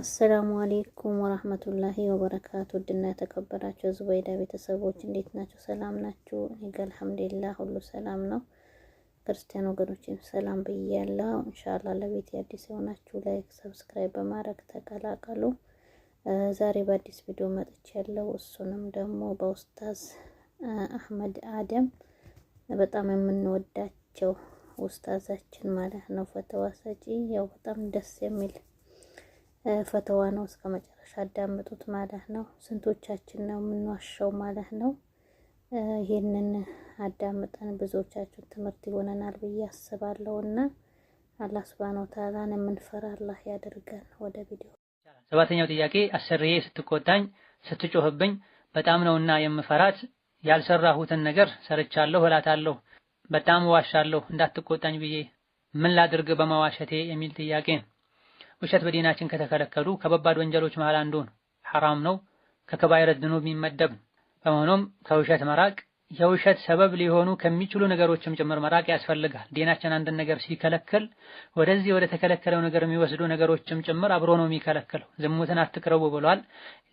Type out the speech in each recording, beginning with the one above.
አሰላሙ አሌይኩም ወራህመቱላሂ ወበረካቱ። ውድና የተከበራችሁ ዙበይዳ ቤተሰቦች እንዴት ናቸው? ሰላም ናችሁ? እኔ ጋ አልሐምዱሊላህ ሁሉ ሰላም ነው። ክርስቲያን ወገኖችም ሰላም ብያለሁ። እንሻላ ለቤት አዲስ የሆናችሁ ላይክ፣ ሰብስክራይብ በማድረግ ተቀላቀሉ። ዛሬ በአዲስ ቪዲዮ መጥቼ ያለው እሱንም ደግሞ በኡስታዝ አህመድ አደም በጣም የምንወዳቸው ኡስታዛችን ማለት ነው፣ ፈተዋ ሰጪ ያው በጣም ደስ የሚል ፈተዋ ነው። እስከ መጨረሻ አዳምጡት ማለት ነው። ስንቶቻችን ነው የምንዋሻው ማለት ነው። ይህንን አዳምጠን ብዙዎቻችን ትምህርት ይሆነናል ብዬ አስባለሁ እና አላህ ሱብሃነ ወተዓላን የምንፈራ አላህ ያደርገን። ወደ ቪዲዮ ሰባተኛው ጥያቄ አሰርዬ ስትቆጣኝ ስትጮህብኝ በጣም ነውና የምፈራት ያልሰራሁትን ነገር ሰርቻለሁ እላታለሁ። በጣም እዋሻለሁ እንዳትቆጣኝ ብዬ ምን ላድርግ በመዋሸቴ የሚል ጥያቄ ነው። ውሸት በዲናችን ከተከለከሉ ከበባድ ወንጀሎች መሃል አንዱ ነው፣ ሐራም ነው፣ ከከባይረት ድኑብ የሚመደብ ነው። በመሆኑም ከውሸት መራቅ የውሸት ሰበብ ሊሆኑ ከሚችሉ ነገሮችም ጭምር መራቅ ያስፈልጋል። ዲናችን አንድን ነገር ሲከለክል ወደዚህ ወደ ተከለከለው ነገር የሚወስዱ ነገሮችም ጭምር አብሮ ነው የሚከለክለው። ዝሙትን አትቅረቡ ብሏል።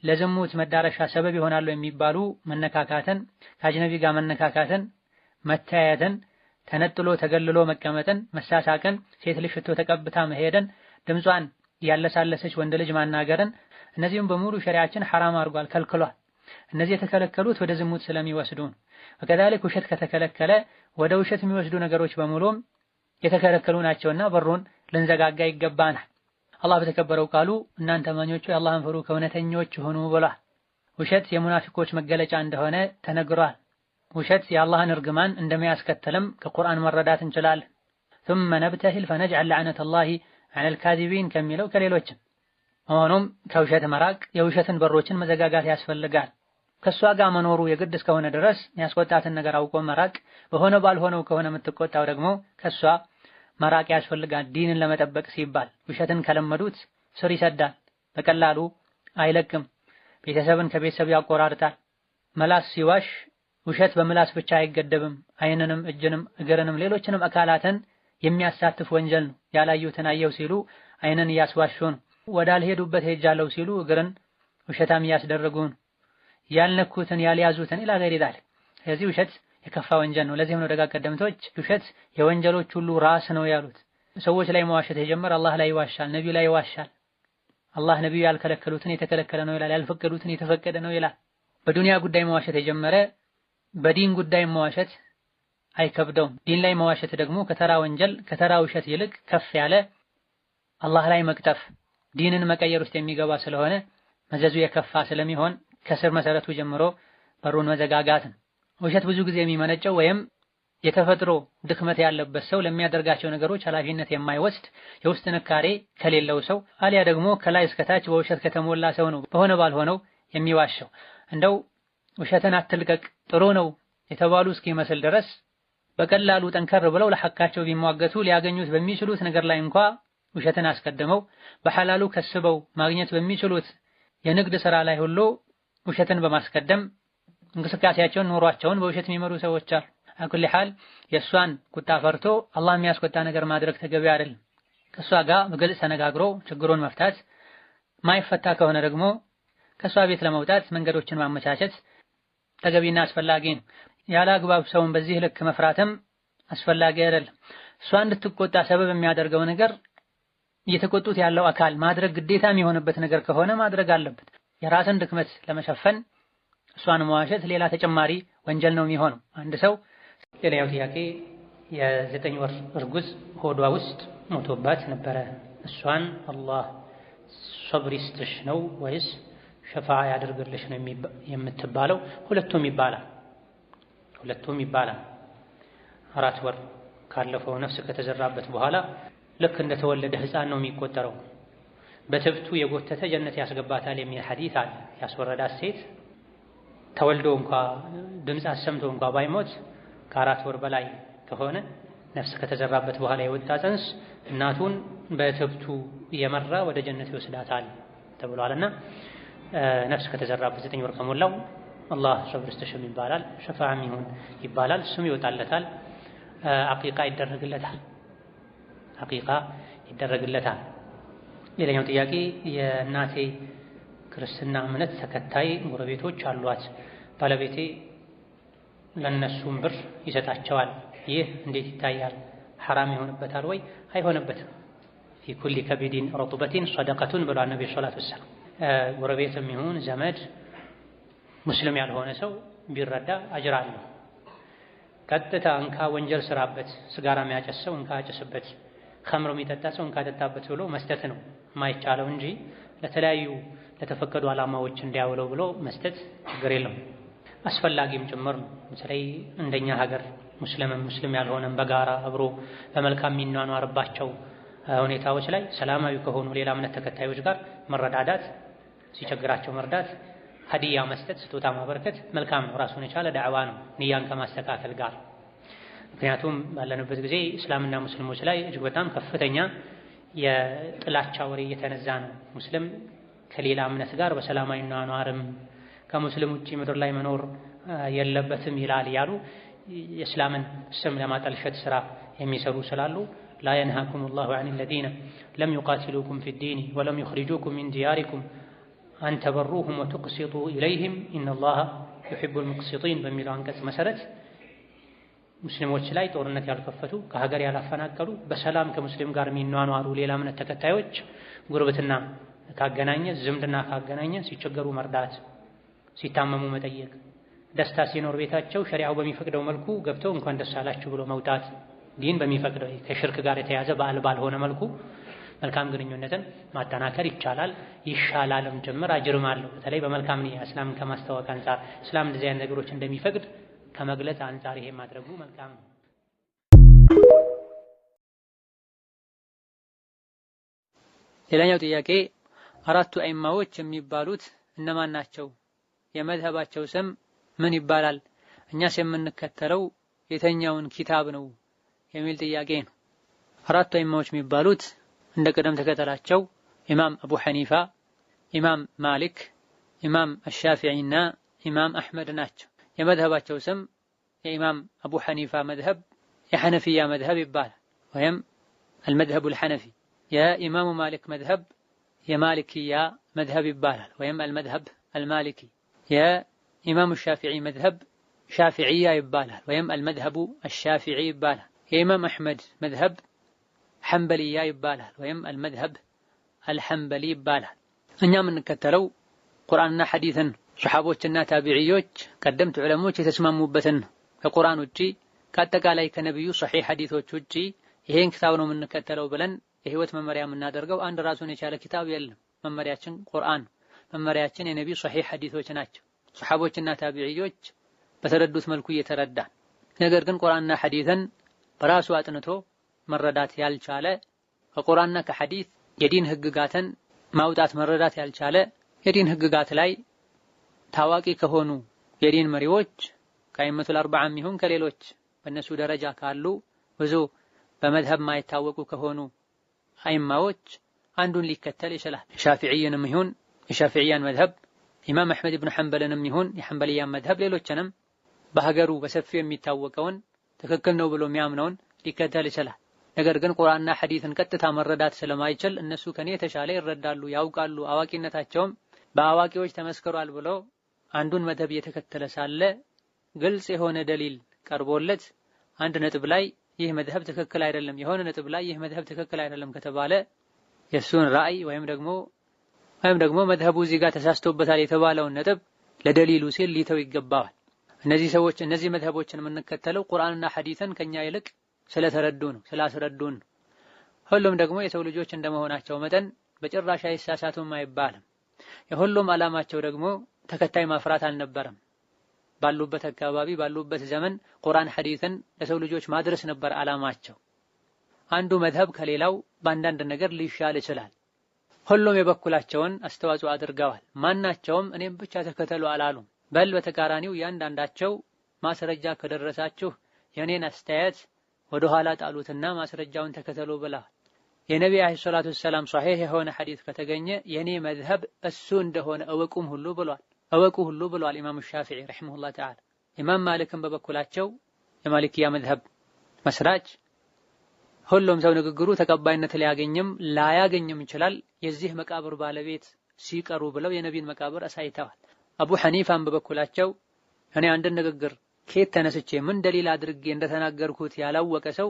ለዝሙት መዳረሻ ሰበብ ይሆናሉ የሚባሉ መነካካትን፣ ከአጅነቢ ጋር መነካካትን፣ መተያየትን ተነጥሎ ተገልሎ መቀመጥን፣ መሳሳቅን፣ ሴት ልጅ ሽቶ ተቀብታ መሄድን፣ ድምጿን ያለሳለሰች ወንድ ልጅ ማናገርን እነዚህም በሙሉ ሸሪያችን ሐራም አድርጓል፣ ከልክሏል። እነዚህ የተከለከሉት ወደ ዝሙት ስለሚወስዱ ወከዛሊክ ውሸት ከተከለከለ ወደ ውሸት የሚወስዱ ነገሮች በሙሉም የተከለከሉ ናቸውና በሩን ልንዘጋጋ ይገባናል። አላህ በተከበረው ቃሉ እናንተ አማኞቹ የአላህን ፍሩ ከእውነተኞች ሆኑ ብሏል። ውሸት የሙናፊቆች መገለጫ እንደሆነ ተነግሯል። ውሸት የአላህን እርግማን እንደሚያስከትልም ከቁርአን መረዳት እንችላለን። ثم نبتهل فنجعل لعنة الله አነል ካዚቢን ከሚለው ከሌሎችም መሆኑም ከውሸት መራቅ የውሸትን በሮችን መዘጋጋት ያስፈልጋል። ከእሷ ጋር መኖሩ የግድ እስከሆነ ድረስ የሚያስቆጣትን ነገር አውቆ መራቅ፣ በሆነ ባልሆነው ከሆነ የምትቆጣው ደግሞ ከእሷ መራቅ ያስፈልጋል። ዲንን ለመጠበቅ ሲባል ውሸትን ከለመዱት ስር ይሰዳል፣ በቀላሉ አይለቅም። ቤተሰብን ከቤተሰብ ያቆራርጣል። መላስ ሲዋሽ ውሸት በምላስ ብቻ አይገደብም። አይንንም እጅንም፣ እግርንም ሌሎችንም አካላትን የሚያሳትፍ ወንጀል ነው። ያላዩትን አየው ሲሉ አይንን እያስዋሹ ነው። ወዳልሄዱበት ሄጃለሁ ሲሉ እግርን ውሸታም እያስደረጉ ነው። ያልነኩትን ያልያዙትን ኢላ ገይሪ ዛሊክ። ስለዚህ ውሸት የከፋ ወንጀል ነው። ለዚህም ነው ደጋ ቀደምቶች ውሸት የወንጀሎች ሁሉ ራስ ነው ያሉት። ሰዎች ላይ መዋሸት የጀመረ አላህ ላይ ይዋሻል፣ ነቢዩ ላይ ይዋሻል። አላህ ነቢዩ ያልከለከሉትን የተከለከለ ነው ይላል፣ ያልፈቀዱትን የተፈቀደ ነው ይላል። በዱንያ ጉዳይ መዋሸት የጀመረ በዲን ጉዳይ መዋሸት አይከብደውም። ዲን ላይ መዋሸት ደግሞ ከተራ ወንጀል ከተራ ውሸት ይልቅ ከፍ ያለ አላህ ላይ መቅጠፍ ዲንን መቀየር ውስጥ የሚገባ ስለሆነ መዘዙ የከፋ ስለሚሆን ከስር መሰረቱ ጀምሮ በሩን መዘጋጋት ውሸት ብዙ ጊዜ የሚመነጨው ወይም የተፈጥሮ ድክመት ያለበት ሰው ለሚያደርጋቸው ነገሮች ኃላፊነት የማይወስድ የውስጥ ጥንካሬ ከሌለው ሰው አሊያ ደግሞ ከላይ እስከታች በውሸት ከተሞላ ሰው ነው በሆነ ባልሆነው የሚዋሸው። እንደው ውሸትን አትልቀቅ ጥሩ ነው የተባሉ እስኪመስል ድረስ በቀላሉ ጠንከር ብለው ለሐካቸው ቢሟገቱ ሊያገኙት በሚችሉት ነገር ላይ እንኳ ውሸትን አስቀድመው በሐላሉ ከስበው ማግኘት በሚችሉት የንግድ ስራ ላይ ሁሉ ውሸትን በማስቀደም እንቅስቃሴያቸውን ኑሯቸውን በውሸት የሚመሩ ሰዎች አሉ። አኩል ሐል የእሷን ቁጣ ፈርቶ አላህ የሚያስቆጣ ነገር ማድረግ ተገቢ አይደለም። ከእሷ ጋር በግልጽ ተነጋግሮ ችግሩን መፍታት፣ ማይፈታ ከሆነ ደግሞ ከእሷ ቤት ለመውጣት መንገዶችን ማመቻቸት ተገቢና አስፈላጊ ነው። ያለ አግባብ ሰውን በዚህ ልክ መፍራትም አስፈላጊ አይደለም። እሷ እንድትቆጣ ሰበብ የሚያደርገው ነገር እየተቆጡት ያለው አካል ማድረግ ግዴታ የሚሆንበት ነገር ከሆነ ማድረግ አለበት። የራስን ድክመት ለመሸፈን እሷን መዋሸት ሌላ ተጨማሪ ወንጀል ነው የሚሆነው። አንድ ሰው ሌላው ጥያቄ የዘጠኝ ወር እርጉዝ ሆዷ ውስጥ ሞቶባት ነበረ። እሷን አላህ ሶብር ይስጥሽ ነው ወይስ ሸፋ ያደርግልሽ ነው የምትባለው? ሁለቱም ይባላል። ሁለቱም ይባላል። አራት ወር ካለፈው ነፍስ ከተዘራበት በኋላ ልክ እንደተወለደ ህፃን ነው የሚቆጠረው። በትብቱ የጎተተ ጀነት ያስገባታል የሚል ሐዲስ አለ። ያስወረዳት ሴት ተወልዶ እንኳ ድምፅ አሰምቶ እንኳ ባይሞት ከአራት ወር በላይ ከሆነ ነፍስ ከተዘራበት በኋላ የወጣ ጽንስ እናቱን በትብቱ እየመራ ወደ ጀነት ይወስዳታል ተብሏልና ነፍስ ከተዘራበት ዘጠኝ ወር ከሞላው አላህ ሸብር ስተሽም ይባላል፣ ሸፋዓም ይሁን ይባላል። ስም ይወጣለታል፣ አቂቃ ይደረግለታል፣ አቂቃ ይደረግለታል። ሌላኛው ጥያቄ የእናቴ ክርስትና እምነት ተከታይ ጎረቤቶች አሏት። ባለቤቴ ለነሱም ብር ይሰጣቸዋል። ይህ እንዴት ይታያል? ሐራም ይሆንበታል ወይ? አይሆንበትም። ፊ ኩሊ ከቢዲን ረጡበቲን ሰደቀቱን ብሏል ነቢ ሰላት ወሰላም። ጎረቤትም ይሁን ዘመድ ሙስሊም ያልሆነ ሰው ቢረዳ አጅር አለው። ቀጥታ እንካ ወንጀል ስራበት፣ ስጋራ የሚያጨስ ሰው እንካ አጨስበት፣ ከምር የሚጠጣ ሰው እንካ ጠጣበት ብሎ መስጠት ነው የማይቻለው እንጂ ለተለያዩ ለተፈቀዱ ዓላማዎች እንዲያውለው ብሎ መስጠት ችግር የለም፣ አስፈላጊም ጭምር ነው። በተለይ እንደኛ ሀገር ሙስሊምም ሙስሊም ያልሆነም በጋራ አብሮ በመልካም የሚኗኗርባቸው ሁኔታዎች ላይ ሰላማዊ ከሆኑ ሌላ እምነት ተከታዮች ጋር መረዳዳት ሲቸግራቸው መርዳት ሀዲያ መስጠት፣ ስጦታ ማበረከት መልካም ነው። ራሱን የቻለ ዳዕዋ ነው ንያን ከማስተካከል ጋር። ምክንያቱም ባለንበት ጊዜ እስላምና ሙስሊሞች ላይ እጅግ በጣም ከፍተኛ የጥላቻ ወሬ እየተነዛ ነው። ሙስሊም ከሌላ እምነት ጋር በሰላማዊ ኗኗርም ከሙስሊም ውጭ ምድር ላይ መኖር የለበትም ይላል ያሉ የእስላምን ስም ለማጠልሸት ስራ የሚሰሩ ስላሉ ላ የንሃኩም ላሁ አን ለዚነ ለም ዩቃትሉኩም ፊ ዲኒ ወለም ዩኽሪጁኩም ሚን ዲያሪኩም አን ተበሩሁም ወትቅሲጡ ኢለይህም ኢነላሃ ዩሒቡል ሙቅሲጢን በሚለው አንቀጽ መሰረት ሙስሊሞች ላይ ጦርነት ያልከፈቱ ከሀገር ያላፈናቀሉ በሰላም ከሙስሊም ጋር የሚኗኗሩ ሌላ እምነት ተከታዮች ጉርብትና ካገናኘ ዝምድና ካገናኘ ሲቸገሩ መርዳት፣ ሲታመሙ መጠየቅ፣ ደስታ ሲኖር ቤታቸው ሸሪዓው በሚፈቅደው መልኩ ገብተው እንኳን ደስ አላችሁ ብሎ መውጣት ዲን በሚፈቅደው ከሽርክ ጋር የተያዘ በዓል ባልሆነ መልኩ መልካም ግንኙነትን ማጠናከር ይቻላል፣ ይሻላልም ጭምር አጅርም አለው። በተለይ በመልካም ነው እስላምን ከማስተዋወቅ አንጻር እስላም እንደዚህ አይነት ነገሮች እንደሚፈቅድ ከመግለጽ አንጻር ይሄ ማድረጉ መልካም ነው። ሌላኛው ጥያቄ አራቱ አይማዎች የሚባሉት እነማን ናቸው? የመዝሀባቸው ስም ምን ይባላል? እኛስ የምንከተለው የተኛውን ኪታብ ነው የሚል ጥያቄ ነው። አራቱ አይማዎች የሚባሉት عند قدم تكتلاتشو إمام أبو حنيفة إمام مالك إمام الشافعينا إمام أحمد ناتشو يا مذهب سم يا إمام أبو حنيفة مذهب يا حنفي يا مذهب إبال وهم المذهب الحنفي يا إمام مالك مذهب يا مالكي يا مذهب إبال وهم المذهب المالكي يا إمام الشافعي مذهب شافعي يا إبال وهم المذهب الشافعي إبال يا إمام أحمد مذهب ሐንበልያ ይባላል ወይም አልመዝሀብ አልሐንበሊ ይባላል። እኛ የምንከተለው ቁርአንና ሐዲትን ሰሓቦችና ታቢዕዮች ቀደምት ዑለሞች የተስማሙበትን ከቁርአን ውጪ ከአጠቃላይ ከነቢዩ ሰሒህ ሐዲቶች ውጪ ይሄን ክታብ ነው የምንከተለው ብለን የህይወት መመሪያ የምናደርገው አንድ ራሱን የቻለ ኪታብ የለም። መመሪያችን ቁርአን፣ መመሪያችን የነቢዩ ሰሒህ ሐዲቶች ናቸው። ሰሓቦችና ታቢዕዮች በተረዱት መልኩ እየተረዳ። ነገር ግን ቁርአንና ሐዲትን በራሱ አጥንቶ መረዳት ያልቻለ ከቁርአንና ከሐዲት የዲን ህግጋትን ማውጣት መረዳት ያልቻለ የዲን ህግጋት ላይ ታዋቂ ከሆኑ የዲን መሪዎች ከአይመቱል አርባዓም ይሁን ከሌሎች በእነሱ ደረጃ ካሉ ብዙ በመዝሀብ ማይታወቁ ከሆኑ አይማዎች አንዱን ሊከተል ይችላል። ሻፊዕይንም ይሁን የሻፊዕያን መዝሀብ ኢማም አሕመድ ብን ሐንበልንም ይሁን የሐንበልያን መዝሀብ ሌሎችንም በሀገሩ በሰፊው የሚታወቀውን ትክክል ነው ብሎ የሚያምነውን ሊከተል ይችላል። ነገር ግን ቁርአንና ሐዲትን ቀጥታ መረዳት ስለማይችል እነሱ ከኔ የተሻለ ይረዳሉ፣ ያውቃሉ፣ አዋቂነታቸውም በአዋቂዎች ተመስክሯል ብሎ አንዱን መደብ እየተከተለ ሳለ ግልጽ የሆነ ደሊል ቀርቦለት አንድ ነጥብ ላይ ይህ መደብ ትክክል አይደለም፣ የሆነ ነጥብ ላይ ይህ መደብ ትክክል አይደለም ከተባለ የሱን ራእይ ወይም ደግሞ ወይም ደግሞ መድሀቡ እዚህ ጋር ተሳስቶበታል የተባለውን ነጥብ ለደሊሉ ሲል ሊተው ይገባዋል። እነዚህ ሰዎች እነዚህ መድሀቦችን የምንከተለው ቁርአንና ሐዲትን ከኛ ይልቅ ስለተረዱ ነው፣ ስላስረዱን ሁሉም ደግሞ የሰው ልጆች እንደመሆናቸው መጠን በጭራሽ አይሳሳቱም አይባልም። የሁሉም አላማቸው ደግሞ ተከታይ ማፍራት አልነበረም። ባሉበት አካባቢ ባሉበት ዘመን ቁርአን ሐዲትን ለሰው ልጆች ማድረስ ነበር አላማቸው። አንዱ መዝሀብ ከሌላው በአንዳንድ ነገር ሊሻል ይችላል። ሁሉም የበኩላቸውን አስተዋጽኦ አድርገዋል። ማናቸውም እኔም ብቻ ተከተሉ አላሉም። በል በተቃራኒው እያንዳንዳቸው ማስረጃ ከደረሳችሁ የእኔን አስተያየት ወደ ኋላ ጣሉትና ማስረጃውን ተከተሉ ብለዋል። የነቢ አለይሂ ሰላቱ ወሰላም ሷሂህ የሆነ ሐዲስ ከተገኘ የኔ መዝሀብ እሱ እንደሆነ እወቁም ሁሉ ብሏል። እወቁ ሁሉ ብሏል ኢማሙ ሻፊዒ ረሂመሁላህ ተዓላ። ኢማም ማሊክም በበኩላቸው የማሊክያ መዝሀብ መስራች ሁሉም ሰው ንግግሩ ተቀባይነት ሊያገኝም ላያገኝም ይችላል። የዚህ መቃብር ባለቤት ሲቀሩ ብለው የነቢን መቃብር አሳይተዋል። አቡ ሐኒፋም በበኩላቸው እኔ አንድን ንግግር ከየት ተነስቼ ምን ደሊል አድርጌ እንደተናገርኩት ያላወቀ ሰው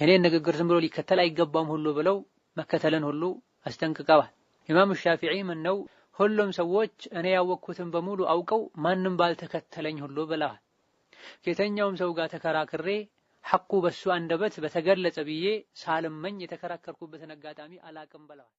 የኔን ንግግር ዝም ብሎ ሊከተል አይገባም ሁሉ ብለው መከተልን ሁሉ አስጠንቅቀዋል። ኢማሙ ሻፊዒ ምን ነው ሁሉም ሰዎች እኔ ያወቅኩትን በሙሉ አውቀው ማንም ባልተከተለኝ ሁሉ ብለዋል። ከየተኛውም ሰው ጋር ተከራክሬ ሐቁ በሱ አንደበት በተገለጸ ብዬ ሳልመኝ የተከራከርኩበትን አጋጣሚ አላቅም ብለዋል።